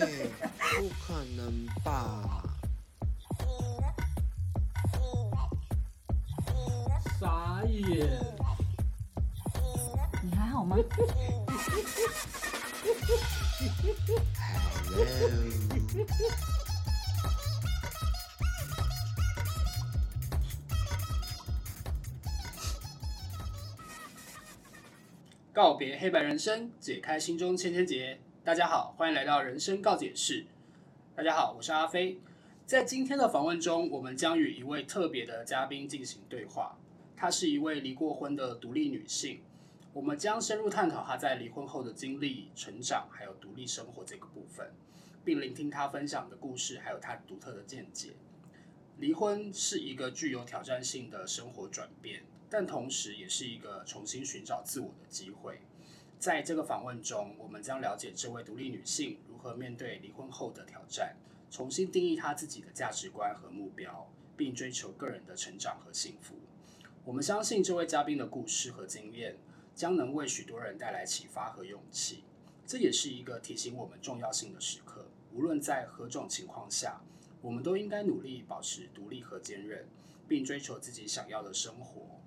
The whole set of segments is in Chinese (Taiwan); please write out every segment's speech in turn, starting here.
欸、不可能吧？傻眼？你還好嗎？ 好耶，告別黑白人生，解開心中千千結。大家好，歡迎來到人生告解室。大家好，我是阿飛。在今天的訪問中，我們將與一位特別的嘉賓進行對話。她是一位離過婚的獨立女性。我們將深入探討她在離婚後的經歷、成長，還有獨立生活這個部分，並聆聽她分享的故事，還有她獨特的見解。離婚是一個具有挑戰性的生活轉變，但同時也是一個重新尋找自我的機會。在這個訪問中，我們將了解這位獨立女性如何面對離婚後的挑戰，重新定義她自己的價值觀和目標，並追求個人的成長和幸福。我們相信這位嘉賓的故事和經驗將能為許多人帶來啟發和勇氣。這也是一個提醒我們重要性的時刻，無論在何種情況下，我們都應該努力保持獨立和堅韌，並追求自己想要的生活。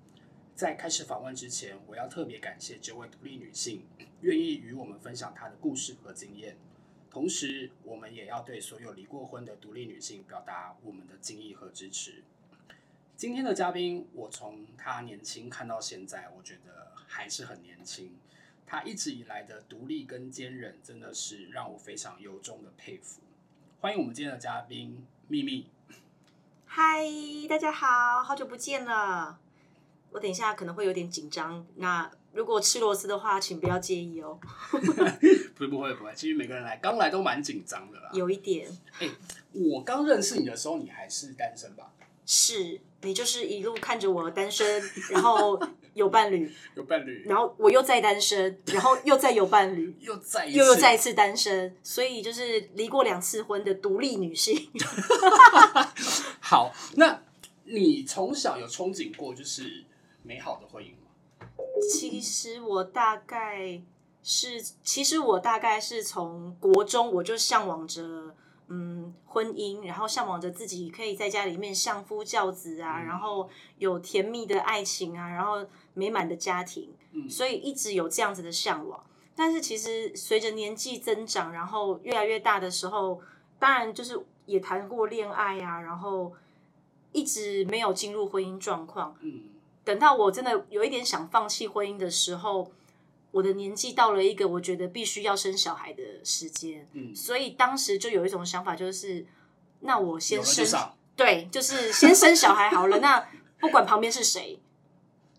在開始訪問之前，我要特別感謝這位獨立女性願意與我們分享她的故事和經驗。同時，我們也要對所有離過婚的獨立女性表達我們的敬意和支持。今天的嘉賓，我從她年輕看到現在，我覺得還是很年輕。她一直以來的獨立跟堅韌，真的是讓我非常由衷的佩服。歡迎我們今天的嘉賓，秘密。嗨，大家好，好久不見了。我等一下可能會有點緊張，那如果吃螺絲的話，請不要介意哦。 不，不會，不會，其實每個人來剛來都蠻緊張的啦。有一點，欸，我剛認識你的時候，你還是單身吧？是，你就是一路看着我單身，然後有伴侶， 有伴侶，然後我又再單身，然後又再有伴侶， 又再一次又又再一次單身，所以就是離過兩次婚的獨立女性。 好，那你從小有憧憬過，就是，美好的婚姻嗎？其實我大概是，其實我大概是從國中我就嚮往着，嗯，婚姻，然後嚮往着自己可以在家裡面相夫教子啊，嗯、然後有甜蜜的愛情啊，然後美滿的家庭，嗯、所以一直有這樣子的嚮往。但是其實隨着年紀增長，然後越來越大的時候，當然就是也談過戀愛啊，然後一直沒有進入婚姻狀況，嗯。等到我真的有一點想放棄婚姻的時候，我的年紀到了一個我覺得必須要生小孩的時間，嗯，所以當時就有一種想法，就是那我先生，對，就是先生小孩好了， 那不管旁邊是誰，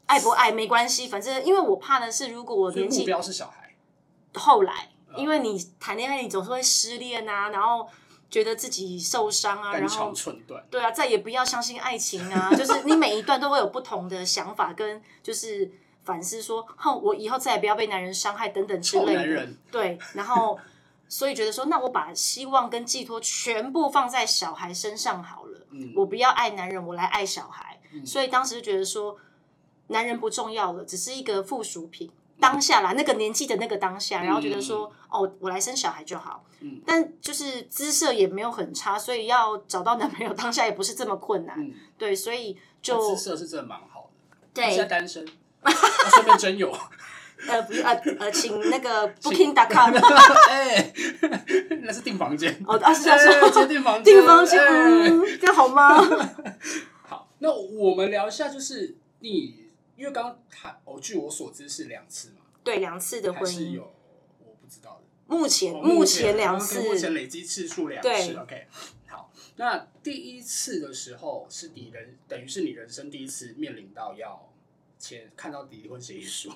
愛不愛沒關係，反正因為我怕的是如果我年紀，目標是小孩。後來，因為你談戀愛，你總是會失戀啊，然後。覺得自己受傷啊，斷然後對啊，再也不要相信愛情啊。 就是你每一段都會有不同的想法，跟就是反思說，哼、 哦，我以後再也不要被男人傷害等等之類的。男人對，然後所以覺得說，那我把希望跟寄託全部放在小孩身上好了。嗯、我不要愛男人，我來愛小孩。嗯、所以當時就覺得說，男人不重要了，只是一個附屬品。嗯、當下啦，那個年紀的那個當下，然後覺得說。嗯哦，我來生小孩就好，但就是姿色也沒有很差，所以要找到男朋友當下也不是這麼困難，對，所以就姿色是真的蠻好的。對，現在單身，順便真有呃不是呃呃，請那個 Booking.com，哎，那是訂房間哦，阿是嘉說訂房間，訂房間，這樣好嗎？好，那我們聊一下，就是你因為剛剛談哦，據我所知是兩次嘛，對，兩次的婚姻是有，我不知道。目前、哦、目前兩次，剛剛目前累積次數兩次。對 OK，好，那第一次的時候是你人等於是你人生第一次面臨到要簽看到離婚協議書，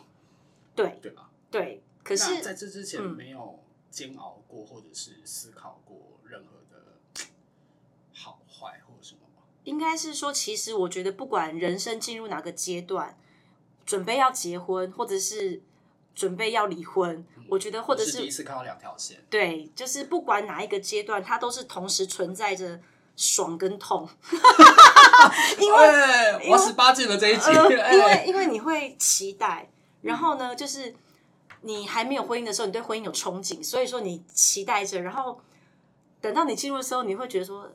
對對吧嗎？對。可是在這之前沒有煎熬過或者是思考過任何的好壞或者什麼嗎？應該是說，其實我覺得不管人生進入哪個階段，準備要結婚或者是。準備要離婚，嗯、我覺得或者是，是第一次看到兩條線，對，就是不管哪一個階段，它都是同時存在着爽跟痛， 因為、欸、我十八禁的這一集，欸呃、因為因為你會期待，然後呢，嗯、就是你還沒有婚姻的時候，你對婚姻有憧憬，所以說你期待着，然後等到你進入的時候，你會覺得說。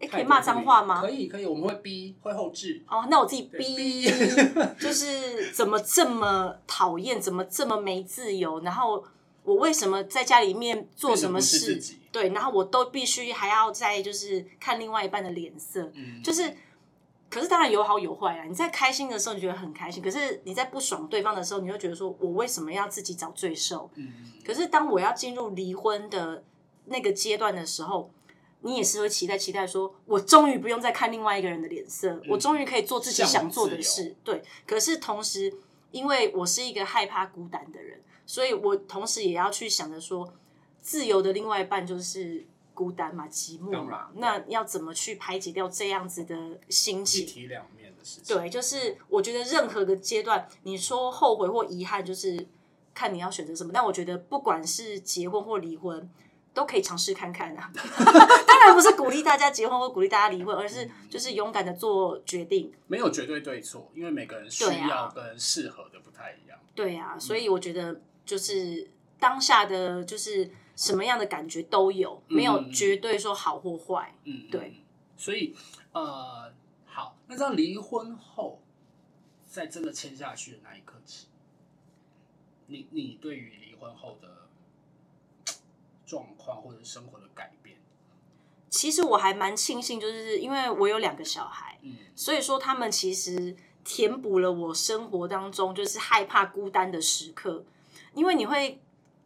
欸、可以罵髒話嗎？可以，可以，我們會逼，會後置。哦，oh, 那我自己逼，對就是怎麼這麼討厭， 怎麼這麼沒自由？然後我為什麼在家裡面做什麼事？對，然後我都必須還要再就是看另外一半的臉色。嗯，就是，可是當然有好有壞啊。你在開心的時候，你覺得很開心；可是你在不爽對方的時候，你會覺得說我為什麼要自己找罪受？嗯、可是當我要進入離婚的那個階段的時候。你也是會期待期待說，說我終於不用再看另外一個人的臉色，嗯、我終於可以做自己想做的事。對，可是同時，因為我是一個害怕孤單的人，所以我同時也要去想着說，自由的另外一半就是孤單嘛，寂寞嘛。那要怎麼去排解掉這樣子的心情？一體兩面的事情。對，就是我覺得任何個階段，你說後悔或遺憾，就是看你要選擇什麼。但我覺得，不管是結婚或離婚。都可以嘗試看看啊， 當然不是鼓勵大家結婚或鼓勵大家離婚，而是就是勇敢的做決定。嗯、沒有絕對對錯，因為每個人需要跟適合的不太一樣。對啊，嗯、所以我覺得就是當下的就是什麼樣的感覺都有，沒有絕對說好或壞。嗯，對。所以呃，好，那在離婚後，在真的簽下去的那一刻起，你你對於離婚後的。狀況或者生活的改變，其實我還蠻慶幸，就是因為我有兩個小孩，嗯，所以說他們其實填補了我生活當中就是害怕孤單的時刻，因為你會。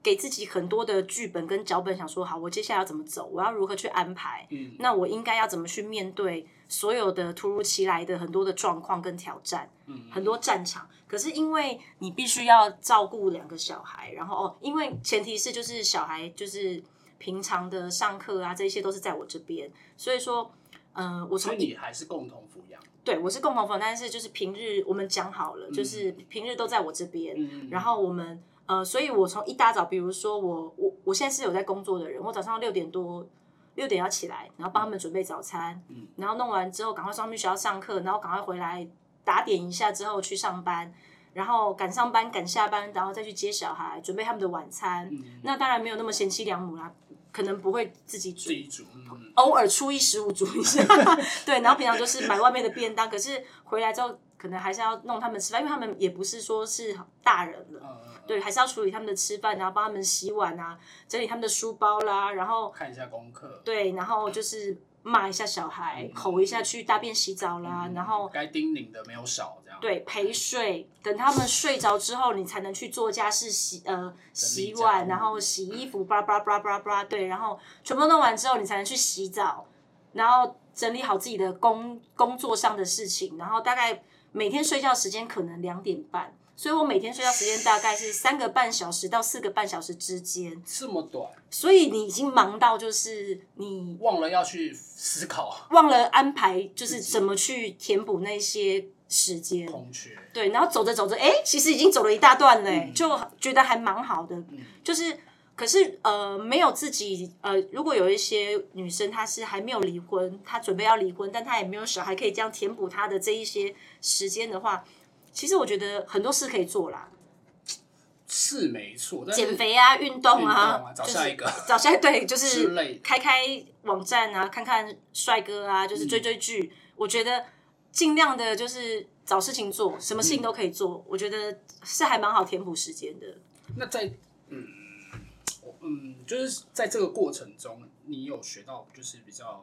給自己很多的劇本跟腳本，想說好，我接下來要怎麼走？我要如何去安排？嗯、那我應該要怎麼去面對所有的突如其來的很多的狀況跟挑戰？嗯、很多戰場。嗯、可是因為你必須要照顧兩個小孩，然後哦，因為前提是就是小孩就是平常的上課啊，這些都是在我這邊。所以說，嗯、呃，我從你還是共同撫養？對，我是共同撫養，但是就是平日我們講好了，嗯、就是平日都在我這邊，嗯、然後我們。呃，所以，我從一大早，比如說我，我我現在是有在工作的人，我早上六點多六點要起來，然後幫他們準備早餐，嗯，然後弄完之後，趕快送他們學校上課，然後趕快回來打點一下之後去上班，然後趕上班趕下班，然後再去接小孩，準備他們的晚餐，嗯、那當然沒有那麼賢妻良母啦、啊，可能不會自己，自己煮，嗯、偶爾初一十五煮一下， 對，然後平常就是買外面的便當，可是回來之後。可能還是要弄他們吃飯，因為他們也不是說是大人了，嗯嗯，對，還是要處理他們的吃飯，然後幫他們洗碗啊，整理他們的書包啦，然後看一下功課，對，然後就是罵一下小孩，嗯嗯，吼一下去大便洗澡啦，嗯嗯，然後該叮嚀的沒有少這樣，對，陪睡，等他們睡着之後，你才能去做、呃、家事，洗呃洗碗，然後洗衣服，巴拉巴拉巴拉巴拉。對，然後全部弄完之後，你才能去洗澡，然後整理好自己的工工作上的事情，然後大概。每天睡覺時間可能兩點半，所以我每天睡覺時間大概是三個半小時到四個半小時之間。這麼短，所以你已經忙到就是你忘了要去思考，忘了安排，就是怎麼去填補那些時間空缺。同學對，然後走着走着，哎、欸，其實已經走了一大段了，欸，嗯、就覺得還蠻好的，嗯、就是。可是，呃，沒有自己，呃，如果有一些女生她是還沒有離婚，她準備要離婚，但她也沒有小孩，可以這樣填補她的這一些時間的話，其實我覺得很多事可以做啦。是沒錯，減肥啊，運動啊，找下一個，找下，對，就是開開網站啊，看看帥哥啊，就是追追劇。嗯、我覺得盡量的就是找事情做，什麼事情都可以做，嗯、我覺得是還蠻好填補時間的。那在嗯。嗯，就是在這個過程中，你有學到就是比較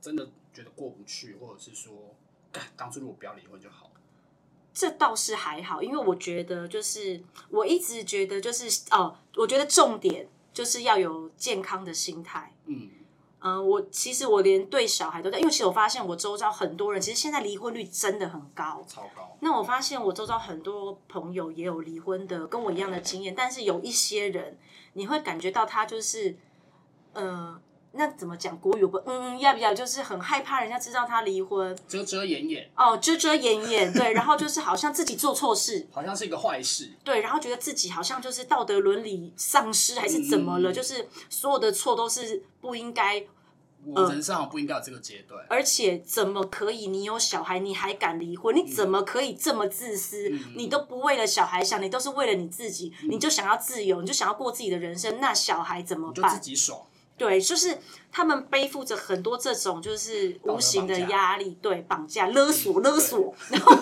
真的覺得過不去，或者是說，當初如果不要離婚就好了。這倒是還好，因為我覺得就是我一直覺得就是哦，我覺得重點就是要有健康的心態。嗯。嗯，我其實我連對小孩都在，因為其實我發現我周遭很多人，其實現在離婚率真的很高，超高。那我發現我周遭很多朋友也有離婚的，跟我一樣的經驗，嗯、但是有一些人，你會感覺到他就是，嗯、呃。那怎麼講國語不？嗯，要不要？就是很害怕人家知道他離婚，遮遮掩掩。哦，oh, 遮遮掩掩，對。 然後就是好像自己做錯事，好像是一個壞事。對，然後覺得自己好像就是道德倫理喪失，還是怎麼了？嗯、就是所有的錯都是不應該。我人生不應該有這個階段。而且怎麼可以？你有小孩，你還敢離婚？你怎麼可以這麼自私？嗯、你都不為了小孩想，你都是為了你自己，嗯、你就想要自由，你就想要過自己的人生，那小孩怎麼辦？就自己爽。對，就是他們背負着很多這種就是無形的壓力，對，綁架、勒索、勒索。然後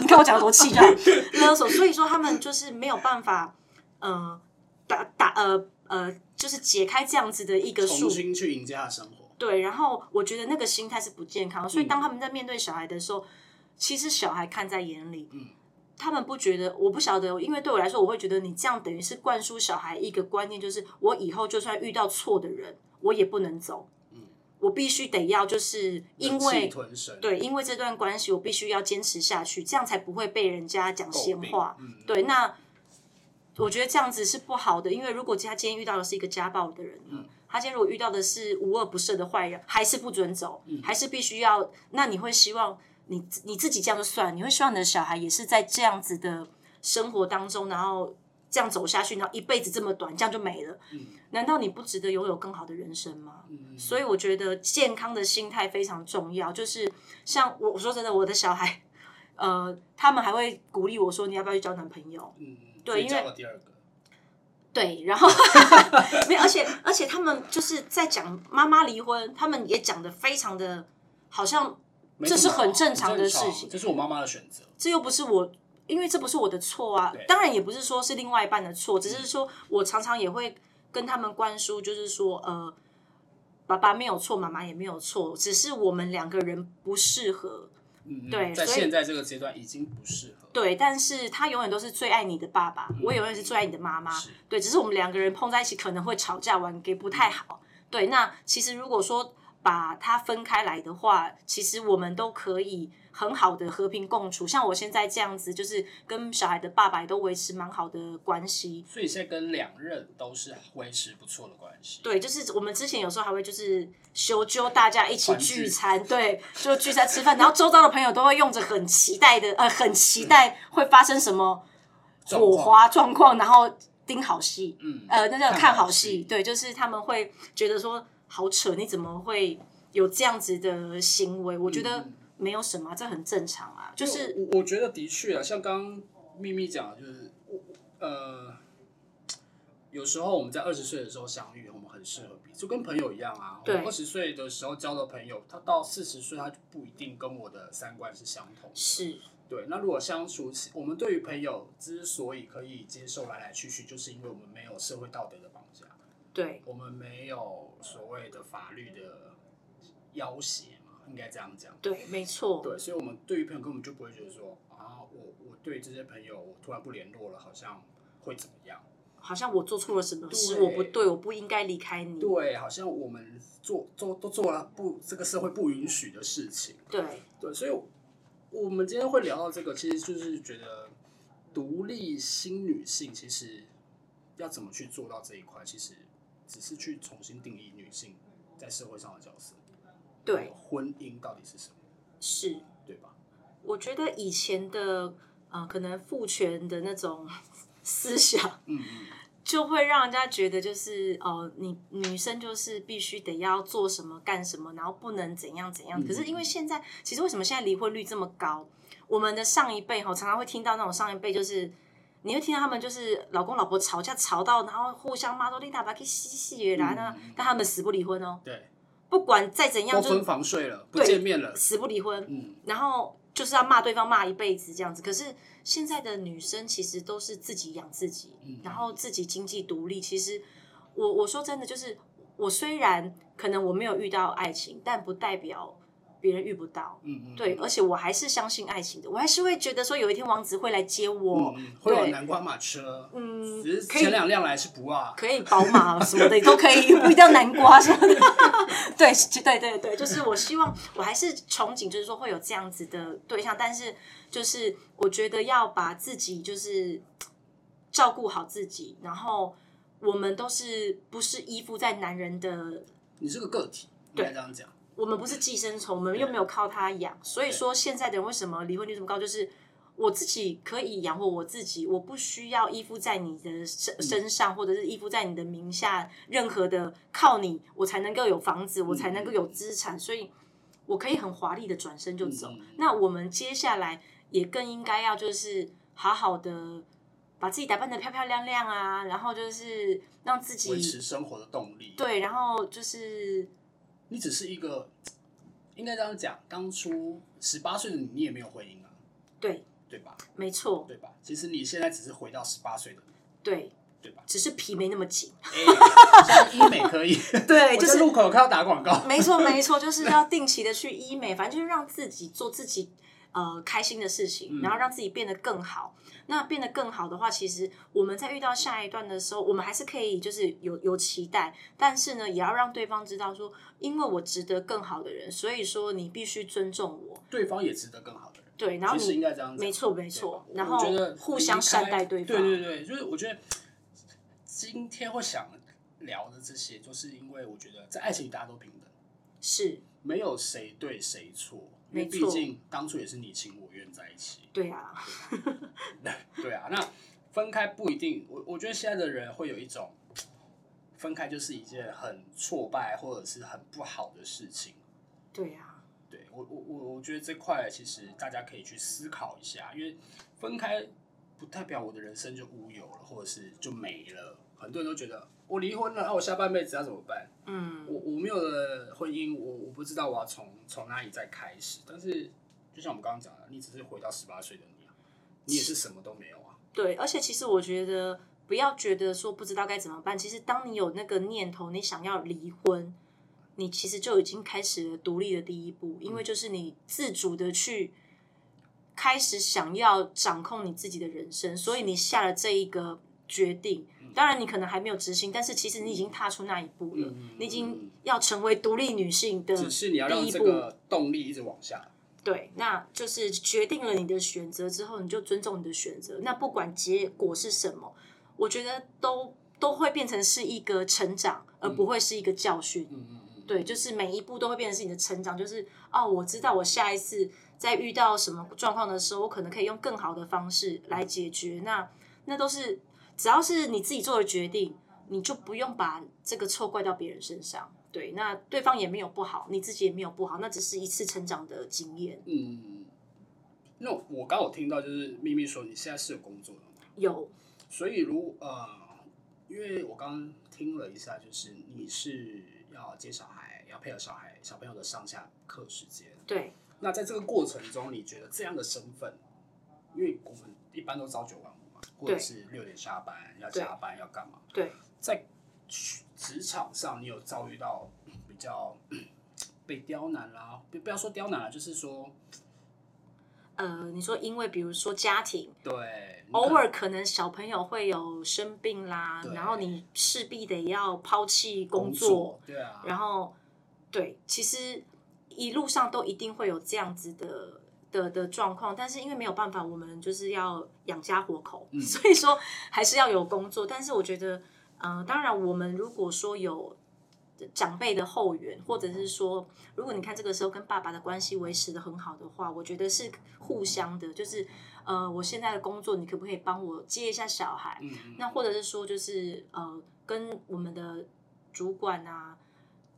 你看我講的多氣概， 勒索。所以說他們就是沒有辦法，呃，打打，呃呃，就是解開這樣子的一個樹，重新去迎接的生活。對，然後我覺得那個心態是不健康，所以當他們在面對小孩的時候，嗯、其實小孩看在眼裡，嗯。他們不覺得，我不曉得，因為對我來說，我會覺得你這樣等於是灌輸小孩一個觀念，就是我以後就算遇到錯的人，我也不能走。嗯、我必須得要，就是因為對，因為這段關係，我必須要堅持下去，這樣才不會被人家講閒話。嗯、對，那、嗯、我覺得這樣子是不好的，因為如果他今天遇到的是一個家暴的人，嗯、他今天如果遇到的是無惡不赦的壞人，還是不准走，嗯、還是必須要，那你會希望？你你自己這樣就算，你會希望你的小孩也是在這樣子的生活當中，然後這樣走下去，然後一輩子這麼短，這樣就沒了？難道你不值得擁有更好的人生嗎？所以我覺得健康的心態非常重要。就是像我說真的，我的小孩，呃，他們還會鼓勵我說，你要不要去交男朋友？嗯，對，因為第二個，對，然後沒有， 而且而且他們就是在講媽媽離婚，他們也講的非常的好像。這是很正常的事情，這是我媽媽的選擇。這又不是我，因為這不是我的錯啊。對當然，也不是說是另外一半的錯，嗯、只是說我常常也會跟他們灌輸，就是說，呃，爸爸沒有錯，媽媽也沒有錯，只是我們兩個人不適合。嗯，對。在現在這個階段已經不適合。對，但是他永遠都是最愛你的爸爸，嗯、我也永遠是最愛你的媽媽。嗯、對，只是我們兩個人碰在一起可能會吵架玩，完也不太好。嗯、對，那其實如果說。把它分開來的話，其實我們都可以很好的和平共處。像我現在這樣子，就是跟小孩的爸爸也都維持蠻好的關係。所以現在跟兩任都是維持不錯的關係。對，就是我們之前有時候還會就是修糾大家一起聚餐，自對，就聚餐吃飯， 然後周遭的朋友都會用着很期待的，呃，很期待會發生什麼火花狀況，然後盯好戲，嗯，呃，那叫看好戲。好戲，對，就是他們會覺得說。好扯！你怎麼會有這樣子的行為？我覺得沒有什麼，嗯，這很正常啊。就是我，我覺得的確啊，像剛剛秘密講的，就是呃，有時候我們在二十歲的時候相遇，我們很適合比，就跟朋友一樣啊。對，二十歲的時候交的朋友，他到四十歲，他就不一定跟我的三觀是相同。是對。那如果相處，我們對於朋友之所以可以接受來來去去，就是因為我們沒有社會道德的。對，我們沒有所謂的法律的要挾嘛，應該這樣講。對，沒錯。對，所以，我們對於朋友根本就不會覺得說啊，我我對這些朋友，我突然不聯絡了，好像會怎麼樣？好像我做錯了什麼事，是對我不對，我不應該離開你。對，好像我們做做都做了不這個社會不允許的事情。對對，所以，我們今天會聊到這個，其實就是覺得獨立新女性其實要怎麼去做到這一塊，其實。只是去重新定義女性在社會上的角色，對婚姻到底是什麼？是，對吧？我覺得以前的，呃，可能父權的那種思想，就會讓人家覺得就是哦、呃，你女生就是必須得要做什麼幹什麼，然後不能怎樣怎樣。嗯、可是因為現在，其實為什麼現在離婚率這麼高？我們的上一輩哈，常常會聽到那種上一輩就是。你會聽到他們就是老公老婆吵架，吵到然後互相罵都拎大白去洗洗來呢，嗯、但他們死不離婚哦。對，不管再怎樣就，就分房睡了，不見面了，死不離婚。嗯，然後就是要罵對方罵一輩子這樣子。可是現在的女生其實都是自己養自己，嗯、然後自己經濟獨立。其實我我說真的，就是我雖然可能我沒有遇到愛情，但不代表。別人遇不到，嗯嗯，對，而且我還是相信愛情的，我還是會覺得說有一天王子會來接我，會有、嗯、對南瓜馬車，嗯，前兩輛來是不啊，可以，可以寶馬什麼的 都可以，不一定要南瓜什麼的， 對，對對對，就是我希望我還是憧憬，就是說會有這樣子的對象，但是就是我覺得要把自己就是照顧好自己，然後我們都是不是依附在男人的，你是個個體，對這樣講。 我們不是寄生蟲，我們又沒有靠他養，對所以說現在的人為什麼離婚率這麼高？就是我自己可以養活我自己，我不需要依附在你的身身上，嗯、或者是依附在你的名下，任何的靠你，我才能夠有房子，我才能夠有資產，嗯、所以我可以很華麗的轉身就走。嗯、那我們接下來也更應該要就是好好的把自己打扮得漂漂亮亮啊，然後就是讓自己維持生活的動力。對，然後就是。你只是一個，應該這樣講，當初十八歲的你也沒有婚姻啊，對，對吧？沒錯錯，對吧？其實你現在只是回到十八歲的，對，對吧？只是皮沒那麼緊，欸、像醫美可以， 對，就是路口靠打廣告，沒錯沒錯，就是要定期的去醫美， 反正就是讓自己做自己。呃，開心的事情，然後讓自己變得更好。嗯，那變得更好的話，其實我們在遇到下一段的時候，我們還是可以就是有有期待，但是呢，也要讓對方知道說，因為我值得更好的人，所以說你必須尊重我。對方也值得更好的人，對，然後其實應該這樣子，沒錯沒錯。對然後互相善待對方對，對對對，就是我覺得今天我想聊的這些，就是因為我覺得在愛情裡大家都平等，是沒有誰對誰錯。那畢竟當初也是你情我願在一起。對啊錯， 對啊。那分開不一定，我我覺得現在的人會有一種分開就是一件很挫敗或者是很不好的事情。對呀、啊，對我我我我覺得這塊其實大家可以去思考一下，因為分開不代表我的人生就烏有了，或者是就沒了。很多人都覺得。我離婚了，那我下半輩子要怎麼辦？嗯，我我沒有了婚姻，我我不知道我要從從哪裡再開始。但是，就像我們剛剛講的，你只是回到十八歲的你啊，你也是什麼都沒有啊。對，而且其實我覺得不要覺得說不知道該怎麼辦。其實，當你有那個念頭，你想要離婚，你其實就已經開始了獨立的第一步，因為就是你自主的去開始想要掌控你自己的人生，所以你下了這一個決定。當然，你可能還沒有執行，但是其實你已經踏出那一步了。嗯、你已經要成為獨立女性的第一步，就是你要讓這個動力一直往下。對，那就是決定了你的選擇之後，你就尊重你的選擇。那不管結果是什麼，我覺得都都會變成是一個成長，而不會是一個教訓。嗯、對，就是每一步都會變成是你的成長。就是哦，我知道我下一次在遇到什麼狀況的時候，我可能可以用更好的方式來解決。那那都是。只要是你自己做的決定，你就不用把這個錯怪到別人身上。對，那對方也沒有不好，你自己也沒有不好，那只是一次成長的經驗。嗯，那我剛有聽到就是咪咪說你現在是有工作了嗎？有。所以如呃，因為我剛聽了一下，就是你是要接小孩，要配合小孩，小朋友的上下課時間。對。那在這個過程中，你覺得這樣的身份，因為我們一般都朝九晚或者是六點下班對要加班要幹嘛？對，在職場上你有遭遇到比較被刁難啦，不不要說刁難了，就是說，呃，你說因為比如說家庭，對，偶爾可能小朋友會有生病啦，對然後你勢必得要拋棄工、工作，對啊，然後對，其實一路上都一定會有這樣子的。的的狀況，但是因為沒有辦法，我們就是要養家活口，所以說還是要有工作。但是我覺得，呃，當然我們如果說有長輩的後援，或者是說，如果你看這個時候跟爸爸的關係維持得很好的話，我覺得是互相的。就是呃，我現在的工作，你可不可以幫我接一下小孩？嗯嗯，那或者是說，就是呃，跟我們的主管啊。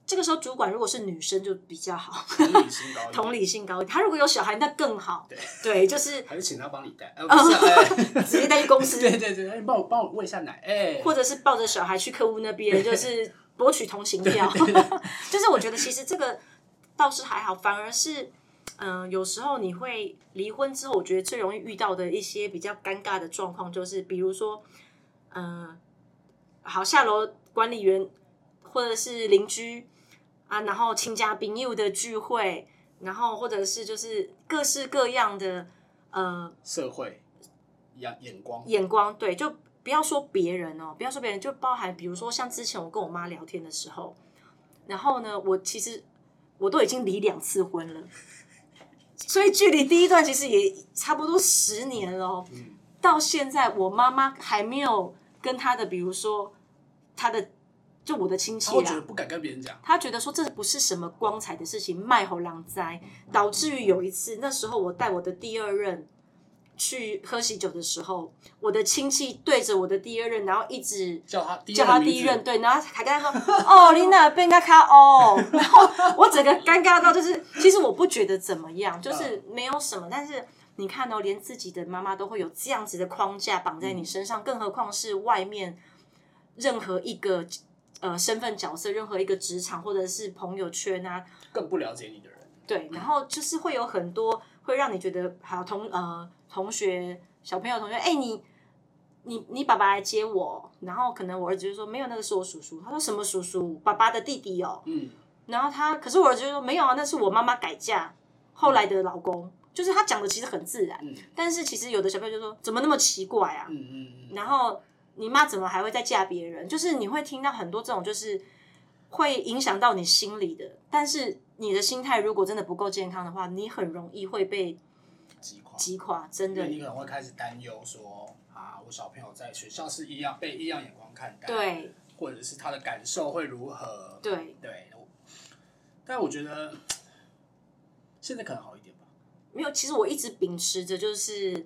這個時候，主管如果是女生就比較好，同理性高一，同理性高一。他如果有小孩，那更好。對，對，就是還是請他幫你帶，哦、不、啊哎、直接帶去公司。對對對，哎，幫我幫我餵一下奶，哎，或者是抱着小孩去客戶那邊， 就是博取同情票。對對對對 就是我覺得，其實這個倒是還好，反而是嗯、呃，有時候你會離婚之後，我覺得最容易遇到的一些比較尷尬的狀況，就是比如說，嗯、呃，好，下樓管理員或者是鄰居。啊，然後親家朋友的聚會，然後或者是就是各式各樣的呃社會眼眼光眼光，對，就不要說別人哦，不要說別人，就包含比如說像之前我跟我媽聊天的時候，然後呢，我其實我都已經離兩次婚了，所以距離第一段其實也差不多十年了哦。嗯，到現在我媽媽還沒有跟她的，比如說她的，就我的親戚啊，他覺得不敢跟別人講。他覺得說，這不是什麼光彩的事情，賣猴郎災。導致於有一次，那時候我帶我的第二任去喝喜酒的時候，我的親戚對着我的第二任，然後一直叫他叫他第一任，對，然後還跟他說：“ 哦，林娜貝娜卡哦。” 然後我整個尷尬到就是，其實我不覺得怎麼樣，就是沒有什麼。但是你看哦，連自己的媽媽都會有這樣子的框架綁在你身上，嗯，更何況是外面任何一個。呃，身份角色，任何一個職場或者是朋友圈啊，更不了解你的人。對，嗯、然後就是會有很多會讓你覺得，好同呃同學小朋友同學，哎，你你你爸爸來接我，然後可能我兒子就說沒有，那個是我叔叔。他說什麼叔叔？爸爸的弟弟哦。嗯。然後他，可是我兒子就說沒有啊，那是我媽媽改嫁後來的老公。嗯、就是他講的其實很自然，嗯、但是其實有的小朋友就說怎麼那麼奇怪啊？嗯嗯。然後。你媽怎麼還會再嫁別人？就是你會聽到很多這種，就是會影響到你心裡的。但是你的心態如果真的不夠健康的話，你很容易會被擊垮。擊垮，真的，你可能會開始擔憂說啊，我小朋友在學校是一樣被異樣眼光看待，對，或者是他的感受會如何？對，對。但我覺得現在可能好一點吧。沒有，其實我一直秉持着就是。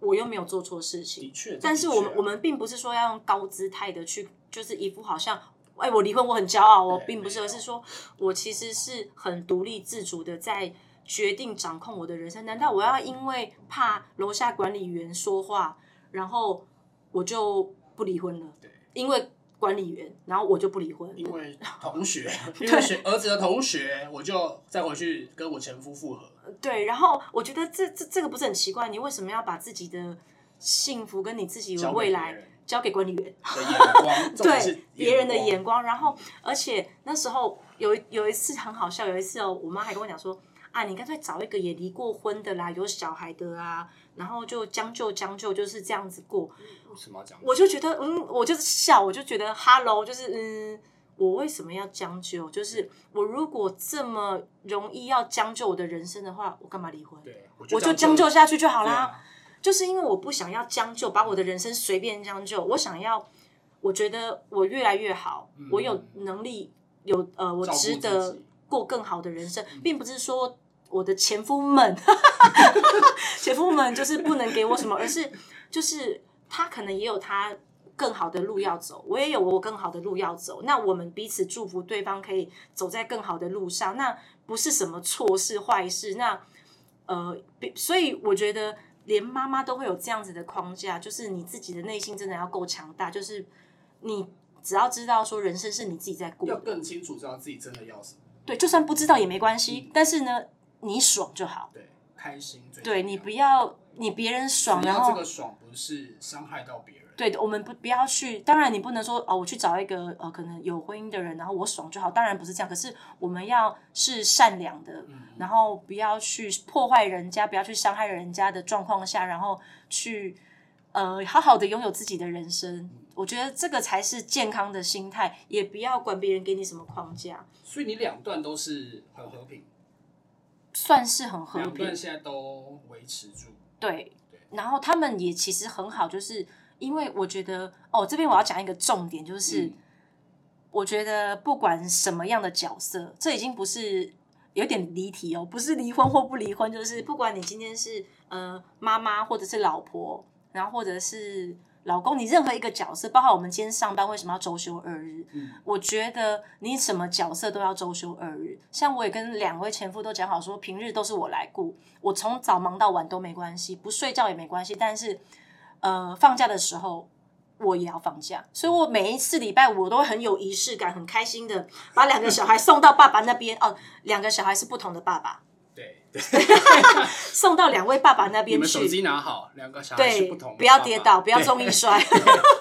我又沒有做錯事情，的確，但是我們是我們並不是說要用高姿態的去，就是一副好像，哎、欸，我離婚，我很驕傲，我並不是，而是說，我其實是很獨立自主的，在決定掌控我的人生。難道我要因為怕樓下管理員說話，然後我就不離婚了？對，因為管理員，然後我就不離婚。因為同學，因為學 對兒子的同學，我就再回去跟我前夫復合。對，然後我覺得這這這個不是很奇怪？你為什麼要把自己的幸福跟你自己的未來交給管理員？別人 對別人的眼光，嗯、然後而且那時候有有一次很好笑，有一次哦，我媽還跟我講說啊，你乾脆找一個也離過婚的啦，有小孩的啊，然後就將就將就就是這樣子過、嗯、樣子我就覺得嗯，我就是笑，我就覺得 hello，就是嗯。我為什麼要將就？就是我如果這麼容易要將就我的人生的話，我幹嘛離婚對？我就將就、就、就下去就好啦。啊、就是因為我不想要將就把我的人生隨便將就，我想要，我覺得我越來越好，嗯、我有能力，有呃，我值得過更好的人生，嗯、並不是說我的前夫們， 前夫們就是不能給我什麼，而是就是他可能也有他。更好的路要走，我也有我更好的路要走。那我們彼此祝福對方，可以走在更好的路上。那不是什麼錯事壞事。那呃，所以我覺得連媽媽都會有這樣子的框架，就是你自己的內心真的要夠強大。就是你只要知道說人生是你自己在過，要更清楚知道自己真的要什麼。對，就算不知道也沒關係。嗯，但是呢，你爽就好。對，開心。對，你不要，你別人爽，然後這個爽不是傷害到別人。對，我們不不要去。當然，你不能說哦，我去找一個呃，可能有婚姻的人，然後我爽就好。當然不是這樣。可是我們要是善良的，嗯、然後不要去破壞人家，不要去傷害人家的狀況下，然後去呃好好的擁有自己的人生。嗯、我覺得這個才是健康的心態。也不要管別人給你什麼框架。所以你兩段都是很和平，很和平，算是很和平。兩段現在都維持住。對。對。然後他們也其實很好，就是。因為我覺得哦，這邊我要講一個重點，就是、嗯、我覺得不管什麼樣的角色，這已經不是有點離題哦，不是離婚或不離婚，就是不管你今天是呃媽媽或者是老婆，然後或者是老公，你任何一個角色，包括我們今天上班，為什麼要周休二日？嗯、我覺得你什麼角色都要周休二日。像我也跟兩位前夫都講好說，平日都是我來顧，我從早忙到晚都沒關係，不睡覺也沒關係，但是。呃，放假的時候我也要放假，所以我每一次禮拜五我都很有儀式感，很開心的把兩個小孩送到爸爸那邊哦。兩個小孩是不同的爸爸，對，對 送到兩位爸爸那邊去。你們手機拿好，兩個小孩是不同的爸爸，不要跌倒，不要綜藝摔。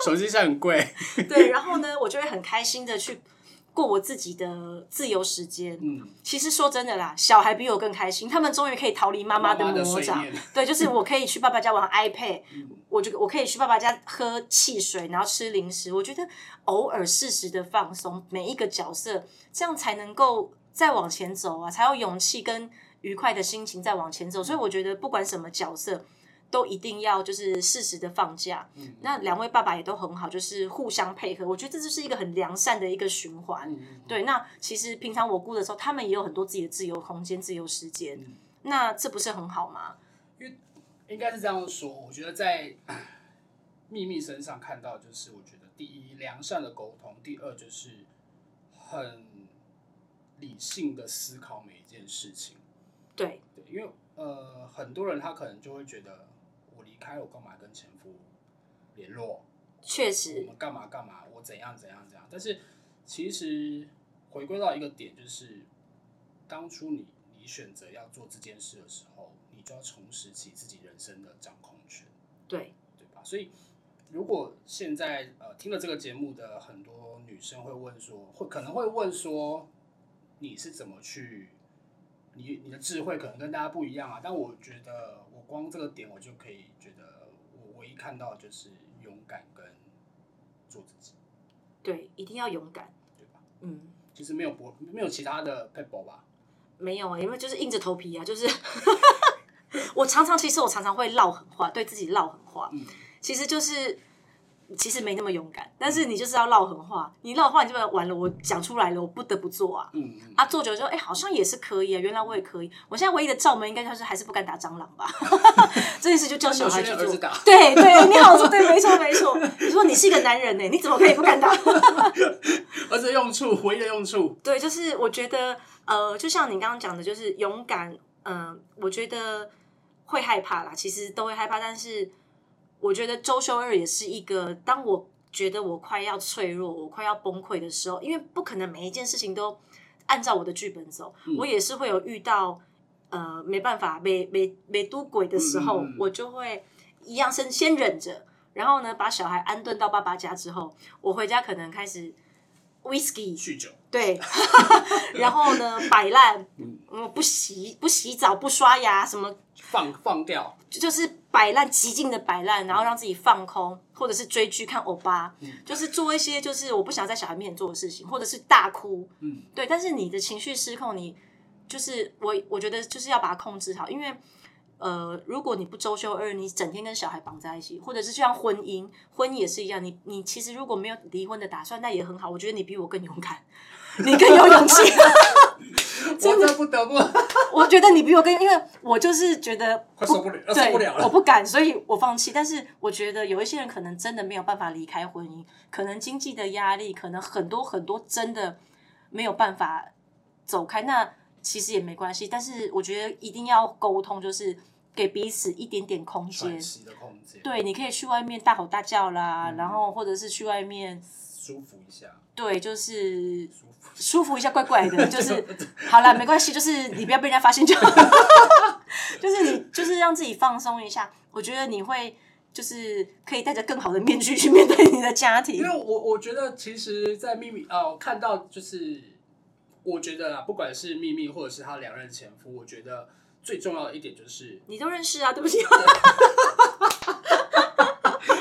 手機是很貴。對，然後呢，我就會很開心的去。過我自己的自由時間。嗯，其實說真的啦，小孩比我更開心。他們終於可以逃離媽媽的魔掌。媽媽，對，就是我可以去爸爸家玩 iPad，嗯。我就，我可以去爸爸家喝汽水，然後吃零食。我覺得偶爾適時的放鬆，每一個角色這樣才能夠再往前走啊！才有勇氣跟愉快的心情再往前走。所以我覺得不管什麼角色。都一定要就是適時的放假，嗯、那兩位爸爸也都很好，就是互相配合。嗯、我覺得這就是一個很良善的一個循環。嗯、對，嗯、那其實平常我顧的時候，他們也有很多自己的自由空間、嗯、自由時間。嗯、那這不是很好嗎？因為應該是這樣說，我覺得在秘密身上看到，就是我覺得第一良善的溝通，第二就是很理性的思考每一件事情。對，對，因為呃，很多人他可能就會覺得。還有幹嘛跟前夫聯絡？確實，我們幹嘛幹嘛，我怎樣怎樣怎樣。但是其實回歸到一個點，就是當初你你選擇要做這件事的時候，你就要重拾起自己人生的掌控權，對對吧？所以如果現在呃聽了這個節目的很多女生會問說，會可能會問說，你是怎麼去？你你的智慧可能跟大家不一樣啊，但我覺得我光這個點我就可以覺得。看到就是勇敢跟做自己，對，一定要勇敢，對吧？嗯，就是沒有不沒有其他的撇步吧？沒有啊、欸，因為就是硬着頭皮啊，就是 我常常其實我常常會落狠話，對自己落狠話，嗯、其實就是。其實沒那麼勇敢，但是你就是要落狠話。你落狠話，你就完了。我講出來了，我不得不做啊。嗯，嗯啊，做，做久了就哎，好像也是可以啊。原來我也可以。我現在唯一的罩門應該就是還是不敢打蟑螂吧。 這件事就叫小孩去做。對對，你好說。對，沒錯沒錯。 你說你是一個男人呢、欸，你怎麼可以不敢打？ 兒子用處，唯一的用處。對，就是我覺得，呃，就像你剛剛講的，就是勇敢。嗯、呃，我覺得會害怕啦，其實都會害怕，但是。我覺得周休二也是一個，當我覺得我快要脆弱、我快要崩潰的時候，因為不可能每一件事情都按照我的劇本走，嗯、我也是會有遇到呃沒辦法、沒沒沒都鬼的時候，嗯嗯嗯我就會一樣是先忍着，然後呢把小孩安頓到爸爸家之後，我回家可能開始。whisky 酗酒對， 然後呢擺爛，不洗不洗澡不刷牙什麼放放掉，就是擺爛，極盡的擺爛，然後讓自己放空，或者是追劇看歐巴，嗯、就是做一些就是我不想在小孩面前做的事情，或者是大哭，嗯、對，但是你的情緒失控，你就是我我覺得就是要把它控制好，因為。呃，如果你不周休二，你整天跟小孩綁在一起，或者是像婚姻，婚姻也是一樣。你你其實如果沒有離婚的打算，那也很好。我覺得你比我更勇敢， 你更有勇氣。 我真的不得不。 我覺得你比我更，因為我就是覺得受不了，受不了了，我不敢，所以我放棄。但是我覺得有一些人可能真的沒有辦法離開婚姻，可能經濟的壓力，可能很多很多真的沒有辦法走開。那。其實也沒關係，但是我覺得一定要溝通，就是給彼此一點點空間。喘息的空間。對，你可以去外面大吼大叫啦，嗯、然後或者是去外面舒服一下。對，就是舒服一下，怪怪的， 就，就是好了，沒關係，就是你不要被人家發現就，就 就是你就是讓自己放鬆一下。我覺得你會就是可以戴著更好的面具去面對你的家庭，因為我我覺得其實，在秘密啊，我看到就是。我覺得啊，不管是秘密，或者是他兩任前夫，我覺得最重要的一點就是你都認識啊，對不起對？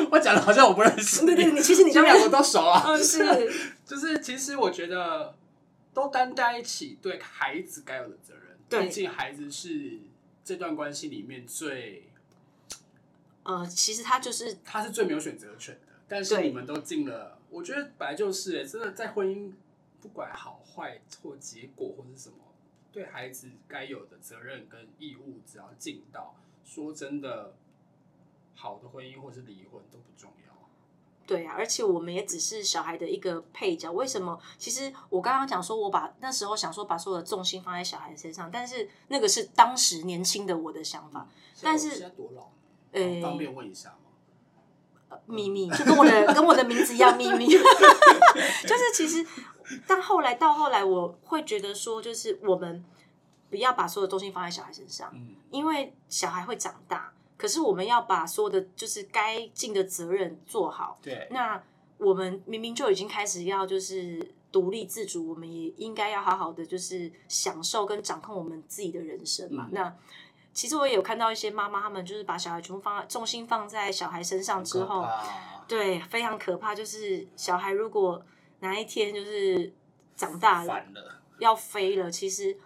我講的好像我不認識你對對，對你其實你們兩個都熟啊。嗯、哦，是， 就是其實我覺得都擔待一起對孩子該有的責任，畢竟對孩子是這段關係裡面最……呃，其實他就是他是最沒有選擇權的，嗯、但是你們都進了，對我覺得本來就是、欸，哎，真的在婚姻。不管好壞或結果或者什麼，對孩子該有的責任跟義務，只要盡到。說真的，好的婚姻或是離婚都不重要、啊。對啊，而且我們也只是小孩的一個配角。為什麼？其實我剛剛講說我把那時候想說把所有的重心放在小孩身上，但是那個是當時年輕的我的想法。但是，多、欸、方便問一下。祕密、呃、就跟我的 跟我的名字一樣，祕密。 就是其實。 但後來到後來，我會覺得說，就是我們不要把所有重心放在小孩身上，嗯，因為小孩會長大，可是我們要把所有的就是該盡的責任做好，對。那我們明明就已經開始要就是獨立自主，我們也應該要好好的就是享受跟掌控我們自己的人生嘛。嗯，那其實我也有看到一些媽媽，他們就是把小孩全部放，重心放在小孩身上之後，對，非常可怕，就是小孩如果。哪一天就是長大了，了要飛了。其實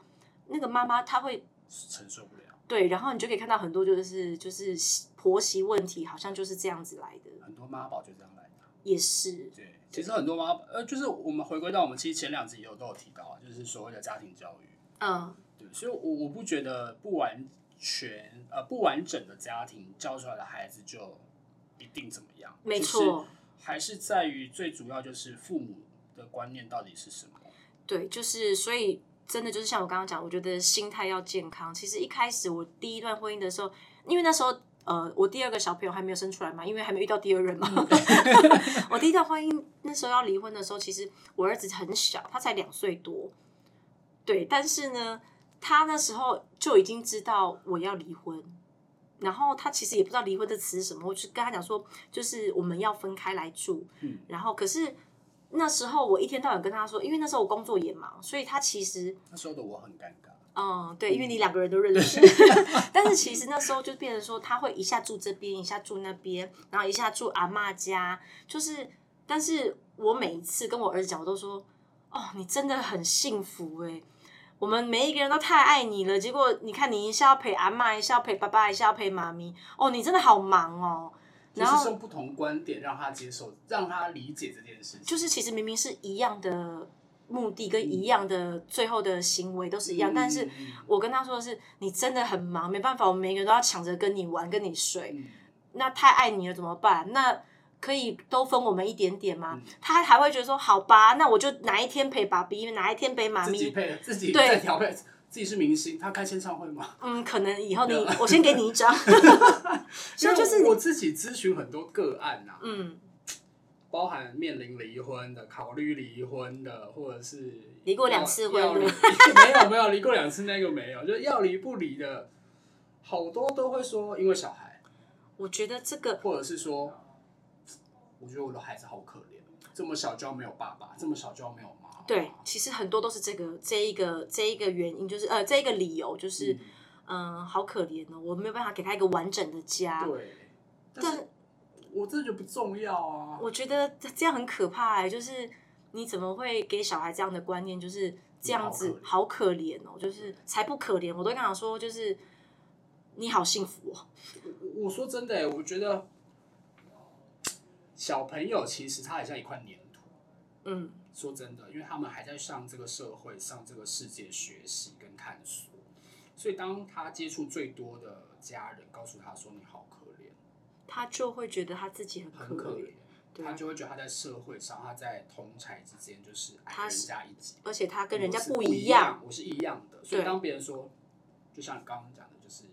那個媽媽她會承受不了。對，然後你就可以看到很多，就是就是婆媳問題，好像就是這樣子來的。很多媽寶就這樣來的。也是。對，對其實很多媽寶，呃，就是我們回歸到我們其實前兩集也有都有提到啊，就是所謂的家庭教育。嗯。對，所以我，我我不覺得不完全，呃，不完整的家庭教出來的孩子就一定怎麼樣。沒錯。就是還是在於最主要就是父母的觀念到底是什麼？對，就是所以真的就是像我剛剛講，我覺得心態要健康。其實一開始我第一段婚姻的時候，因為那時候呃我第二個小朋友還沒有生出來嘛，因為還沒遇到第二任嘛。嗯、 我第一段婚姻那時候要離婚的時候，其實我兒子很小，他才兩歲多。對，但是呢，他那時候就已經知道我要離婚。然後他其實也不知道離婚的詞是什麼，我就跟他講說，就是我們要分開來住。嗯、然後可是那時候我一天到晚跟他說，因為那時候我工作也忙，所以他其實那時候的我很尷尬。嗯，對，因為你兩個人都認識，嗯、 但是其實那時候就變成說他會一下住這邊，一下住那邊，然後一下住阿嬤家，就是。但是我每一次跟我兒子講，我都說，哦，你真的很幸福哎。我們每一個人都太愛你了，結果你看，你一下要陪阿媽，一下要陪爸爸，一下要陪媽咪，哦，你真的好忙哦。你是說不同觀點讓他接受，讓他理解這件事情。就是其實明明是一樣的目的，跟一樣的最後的行為都是一樣，嗯、但是我跟他說的是，你真的很忙，沒辦法，我們每一個人都要搶着跟你玩，跟你睡，嗯、那太愛你了怎麼辦？那。可以都分我們一點點嗎？嗯、他還會覺得說好吧，那我就哪一天陪爸比，因為哪一天陪媽咪。自己配，自己對調配，對自己是明星，他開簽唱會嗎？嗯，可能以後你 我先給你一張。所以就是我自己諮詢很多個案吶、啊，嗯，包含面臨離婚的、考慮離婚的，或者是離過兩次婚，沒有沒有離過兩次，那個沒有，就是要離不離的，好多都會說因為小孩。我覺得這個，或者是說。我覺得我的孩子好可憐，這麼小就要沒有爸爸，這麼小就要沒有媽媽。對，其實很多都是這個、這一個、這一個原因，就是呃，這一個理由，就是嗯、呃，好可憐哦，我沒有辦法給他一個完整的家。對，但是，但我真的就不重要啊。我覺得這樣很可怕、欸，就是你怎麼會給小孩這樣的觀念？就是這樣子好可憐哦，就是才不可憐。我都跟他說，就是你好幸福哦。我我說真的、欸，我覺得。小朋友其實他也像一塊黏土，嗯，說真的，因為他們還在上這個社會、上這個世界學習跟看書。所以當他接觸最多的家人告訴他說：“你好可憐”，他就會覺得他自己很可憐，可對他就會覺得他在社會上，他在同儕之間就是矮人家一截，而且他跟人家不一樣，我是一樣的。所以當別人說，對就像你剛剛講的，就是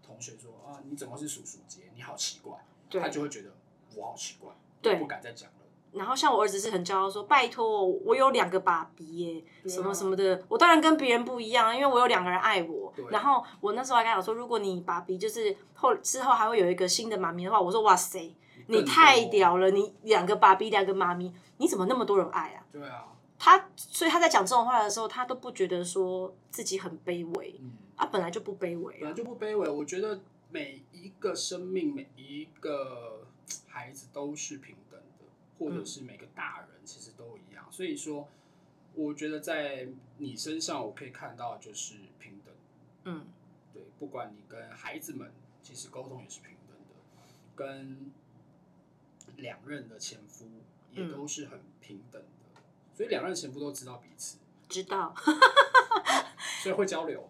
同學說：“啊，你怎麼是叔叔接？你好奇怪。對”他就會覺得。我好奇怪，對，不敢再講了。然後像我兒子是很驕傲說：“拜托，我有兩個爸比耶、欸，啊、什麼什麼的。”我當然跟別人不一樣，因為我有兩個人愛我。對然後我那時候還跟他講說：“如果你爸比就是後之後還會有一個新的媽咪的話，我說哇塞，你，你太屌了！你兩個爸比兩個媽咪，你怎麼那麼多人愛啊？”對啊，他所以他在講這種話的時候，他都不覺得說自己很卑微。嗯，他、啊、本來就不卑微、啊，本來就不卑微。我覺得每一個生命，每一個。孩子都是平等的，或者是每個大人其實都一樣。嗯、所以說，我覺得在你身上，我可以看到就是平等。嗯，對，不管你跟孩子們其實溝通也是平等的，跟兩任的前夫也都是很平等的，嗯、所以兩任前夫都知道彼此，知道， 所以會交流。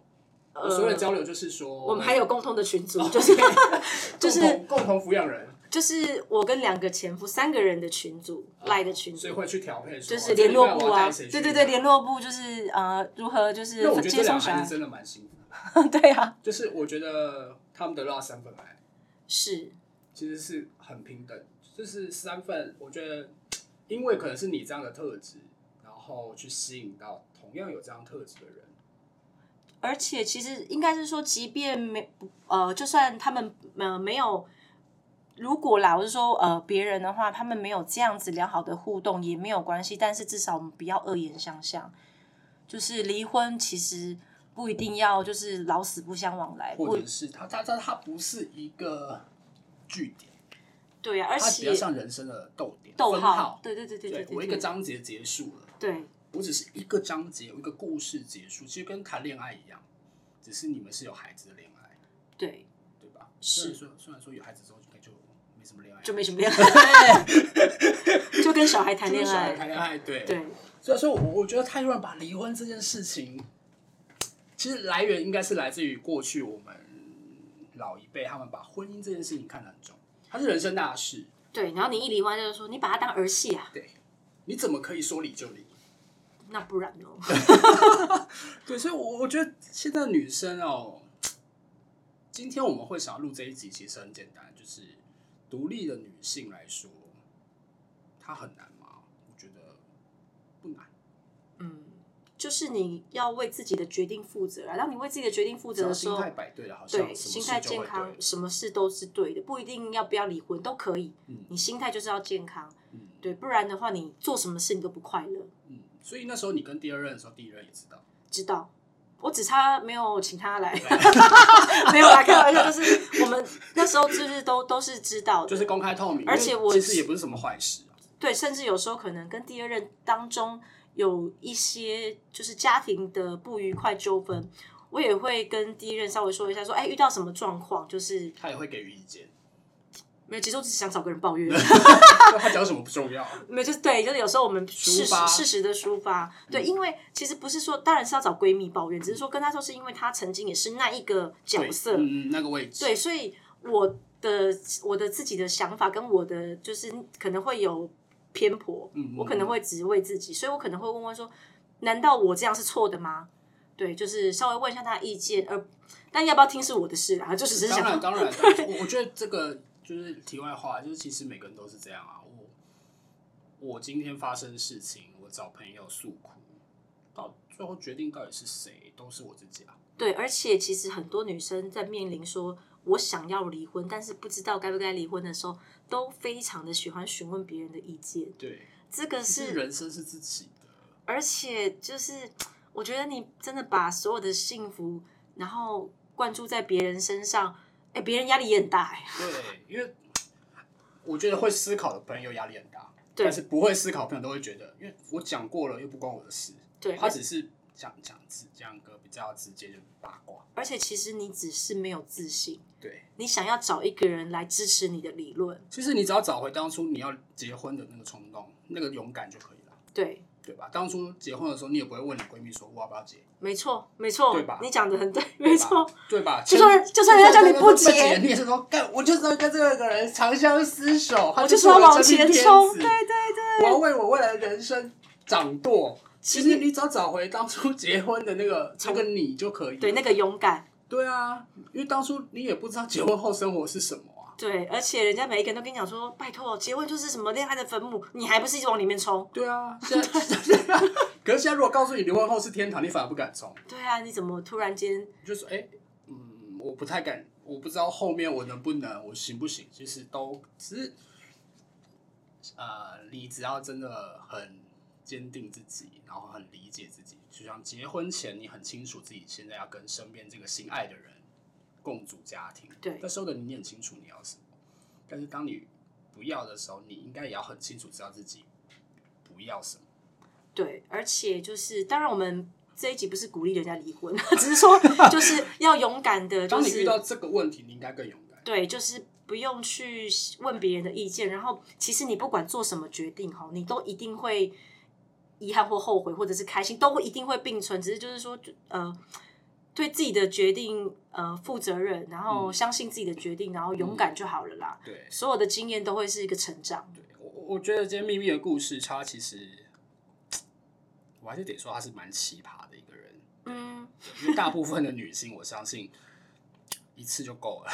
我所謂的交流就是說、呃，我們還有共同的群組，Okay 就是就是共同撫養人。就是我跟兩個前夫三個人的群組，賴、oh, 的群組，所以會去調配，就是聯絡部啊，啊就是、對對對，聯絡部就是呃如何就是接。我這兩孩子真的蠻辛苦。 對啊。就是我覺得他們的那三份愛。是其實是很平等，是就是三份。我覺得因為可能是你這樣的特質，然後去吸引到同樣有這樣特質的人，而且其實應該是說，即便沒呃，就算他們呃沒有。如果啦，我是說，呃，別人的話，他們沒有這樣子良好的互動也沒有關係，但是至少我們不要惡言相向。就是離婚其實不一定要就是老死不相往來，或者是他他他他不是一個句點，對呀、啊，而且比較像人生的逗點，逗號，號對，對對對對對，對，我一個章節結束了，對，我只是一個章節，有一個故事結束，其實跟談戀愛一樣，只是你們是有孩子的戀愛，對，對吧？是說雖然說有孩子之後。沒什麼戀愛就沒什麼戀愛， 就跟小孩談戀愛，談戀愛對對，對所以說我覺得台灣把離婚這件事情，其實來源應該是來自於過去我們老一輩，他們把婚姻這件事情看得很重，它，是人生大事。對，然後你一離婚就是說你把它當兒戲啊，對，你怎麼可以說離就離？那不然哦， 對，所以我我覺得現在女生哦、喔，今天我們會想要錄這一集，其實很簡單，就是。獨立的女性來說，她很難嗎？我覺得不難。嗯，就是你要為自己的決定負責，然後你為自己的決定負責的時候，心態擺對了，好像對，對心態健康，什麼事都是對的，不一定要不要離婚都可以。嗯，你心態就是要健康。嗯，對，不然的話你做什麼事你都不快樂。嗯，所以那時候你跟第二任的時候，第一任也知道知道，我只差沒有請他來，對 沒有來看，開玩笑，就是我們那時候就是，是都都是知道，就是公開透明，而且我其實也不是什麼壞事啊。對，甚至有時候可能跟第二任當中有一些就是家庭的不愉快糾紛，我也會跟第一任稍微說一下說，說、欸、哎遇到什麼狀況，就是他也會給予意見。沒有，其實我只是想找個人抱怨。那 他講什麼不重要。沒有，就是對，就是有時候我們事發事，事實的抒發。對，嗯、因為其實不是說，當然是要找閨蜜抱怨，只是說跟她說是因為她曾經也是那一個角色，嗯，那個位置。對，所以我的我的自己的想法跟我的就是可能會有偏頗，嗯、我可能會只為自己，嗯、所以我可能會問問說，難道我這樣是錯的嗎？對，就是稍微問一下他的意見，呃，但要不要聽是我的事啊，就只是想當然，當然，我 我覺得這個。就是題外話，就是其實每個人都是這樣啊。我我今天發生的事情，我找朋友訴苦，到最後決定到底是誰，都是我自己啊。對，而且其實很多女生在面臨說我想要離婚，但是不知道該不該離婚的時候，都非常的喜歡詢問別人的意見。對，這個是人生是自己的。而且就是我覺得你真的把所有的幸福，然後灌注在別人身上。哎，別人壓力也很大哎。對，因為我覺得會思考的朋友壓力很大，對但是不會思考的朋友都會覺得，因為我講過了，又不關我的事。對，他只是講講直講個比較直接的八卦。而且其實你只是沒有自信，對，你想要找一個人來支持你的理論。其實你只要找回當初你要結婚的那個衝動、那個勇敢就可以了。對。對吧？當初結婚的時候，你也不會問你閨蜜說，我要不要結？沒錯，沒錯，對吧？你講的很對，沒錯，對吧？就算就算人家叫你不結，你也是說幹，我就是要跟這個人長相厮守，我就是要往前衝，對對對，我要為我未來的人生掌舵。其實你只要找回當初結婚的那個那個你就可以，對那個勇敢。對啊，因為當初你也不知道結婚後生活是什麼。對，而且人家每一個人都跟你講說：“拜託，結婚就是什麼戀愛的墳墓，你還不是一直往裡面衝？”對啊，現在 可是現在如果告訴你離婚後是天堂，你反而不敢衝。對啊，你怎麼突然間就說：“哎、欸，嗯，我不太敢，我不知道後面我能不能，我行不行？”其實都只是。呃，你只要真的很堅定自己，然後很理解自己，就像結婚前你很清楚自己現在要跟身邊這個心愛的人。共組家庭，對那時候的你，很清楚你要什麼。但是當你不要的時候，你應該也要很清楚知道自己不要什麼。對，而且就是當然，我們這一集不是鼓勵人家離婚，只是說 就是要勇敢的，就是。當你遇到這個問題，你應該更勇敢。對，就是不用去問別人的意見。然後其實你不管做什麼決定哈，你都一定會遺憾或後悔，或者是開心，都一定會並存。只是就是說，就呃。對自己的決定、呃、負責任，然後相信自己的決定，嗯、然後勇敢就好了啦。嗯、對，所有的經驗都會是一個成長。對，我我覺得今天秘密的故事，她其實我還是得說，她是蠻奇葩的一個人。嗯，因為、就是、大部分的女性， 我相信一次就夠了，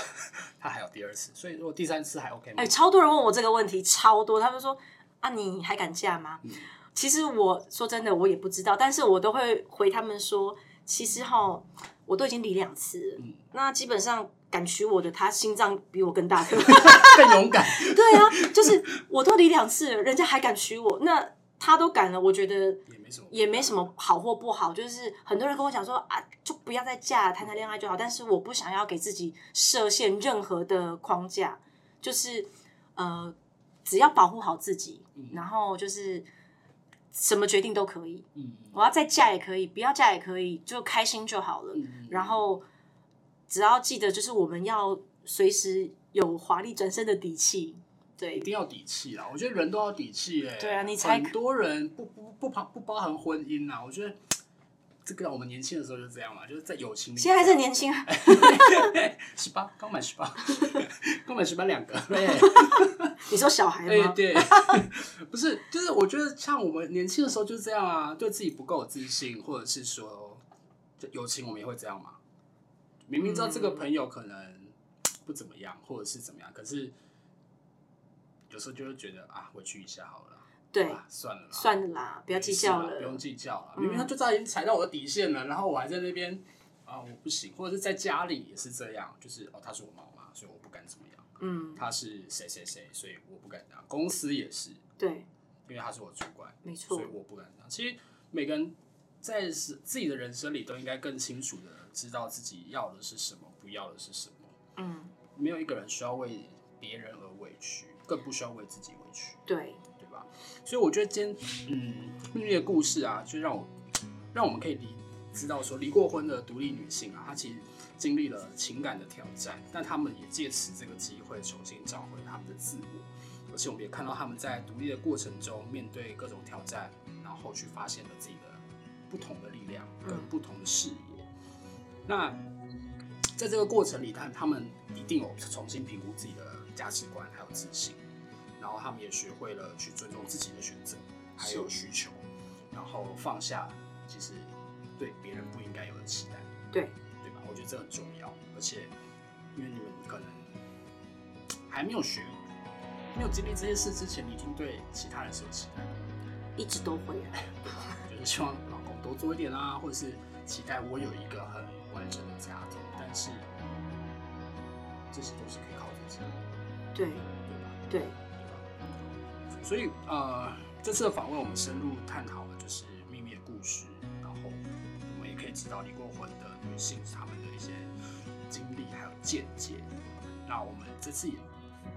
她還有第二次，所以如果第三次還 OK 嗎？哎、欸，超多人問我這個問題，超多，他們說啊，你還敢嫁嗎？嗯、其實我說真的，我也不知道，但是我都會回他們說。其實哈，我都已經離兩次，嗯，那基本上敢娶我的，他心臟比我更大， 更勇敢。 對啊，就是我都離兩次了，人家還敢娶我，那他都敢了。我覺得也沒什麼，也沒什麼好或不好。不好就是很多人跟我講說啊，就不要再嫁，談談戀愛就好。嗯，但是我不想要給自己設限任何的框架，就是呃，只要保護好自己，然後就是。什麼決定都可以，嗯、我要再嫁也可以，不要嫁也可以，就開心就好了。嗯、然後只要記得，就是我們要隨時有華麗轉身的底氣。對，一定要底氣啊！我覺得人都要底氣哎、欸。對啊，你才很多人不不不包不包含婚姻啊？我覺得。這個我們年輕的時候就這樣嘛，就是在友情裡。現在還是很年輕啊，十八剛滿十八，剛滿十八兩個。對，你說小孩嗎？欸？對，不是，就是我覺得像我們年輕的時候就是這樣啊，對自己不夠自信，或者是說就友情我們也會這樣嘛。明明知道這個朋友可能不怎麼樣，或者是怎麼樣，可是有時候就會覺得啊，委屈一下好了。對，算了啦，算了啦，不要計較了，不用計較了。嗯、明明他就早已經踩到我的底線了，然後我還在那邊啊，我不行，或者是在家裡也是這樣，就是哦，他是我媽媽，所以我不敢怎麼樣。嗯，他是誰誰誰，所以我不敢這樣。公司也是，對，因為他是我主管，沒錯，所以我不敢這樣。其實每個人在自己的人生裡，都應該更清楚的知道自己要的是什麼，不要的是什麼。嗯，沒有一個人需要為別人而委屈，更不需要為自己委屈。對。所以我覺得今天，嗯，命運的故事啊，就讓我，讓我們可以離知道說，離過婚的獨立女性啊，她其實經歷了情感的挑戰，但他們也借此這個機會重新找回他們的自我，而且我們也看到他們在獨立的過程中，面對各種挑戰，然後去發現了自己的不同的力量跟不同的視野。嗯、那在這個過程裡，她她們一定有重新評估自己的價值觀，還有自信。然後他們也學會了去尊重自己的選擇，是還有需求，然後放下其實對別人不應該有的期待，對對吧？我覺得這很重要。而且因為你們可能還沒有學，沒有經歷這些事之前，你已經對其他人是有期待的，一直都會、啊， 就是希望老公多做一點啊，或者是期待我有一個很完整的家庭。但是這些都是可以靠自己的，對，對吧？對。所以，呃，這次的訪問，我們深入探討了就是秘密的故事，然後我們也可以知道離過婚的女性她們的一些經歷還有見解。那我們這次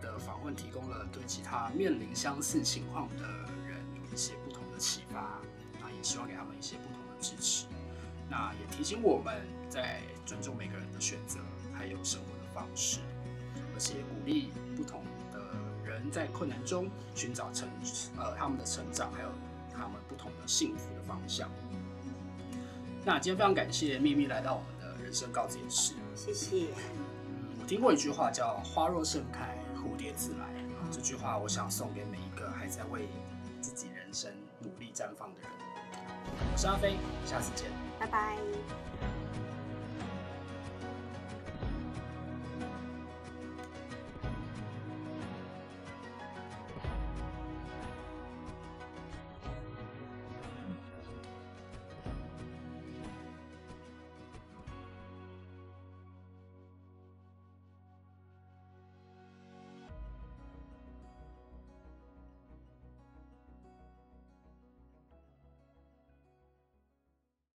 的訪問提供了對其他面臨相似情況的人有一些不同的啟發，啊，也希望給他們一些不同的支持。那也提醒我們在尊重每個人的選擇還有生活的方式，而且鼓勵不同，在困難中尋找成呃他們的成長，還有他們不同的幸福的方向。那今天非常感謝秘密來到我們的人生告解室，謝謝。嗯、我聽過一句話叫“花若盛開，蝴蝶自來”，嗯、這句話我想送給每一個還在為自己人生努力綻放的人。我是阿飛，下次見，拜拜。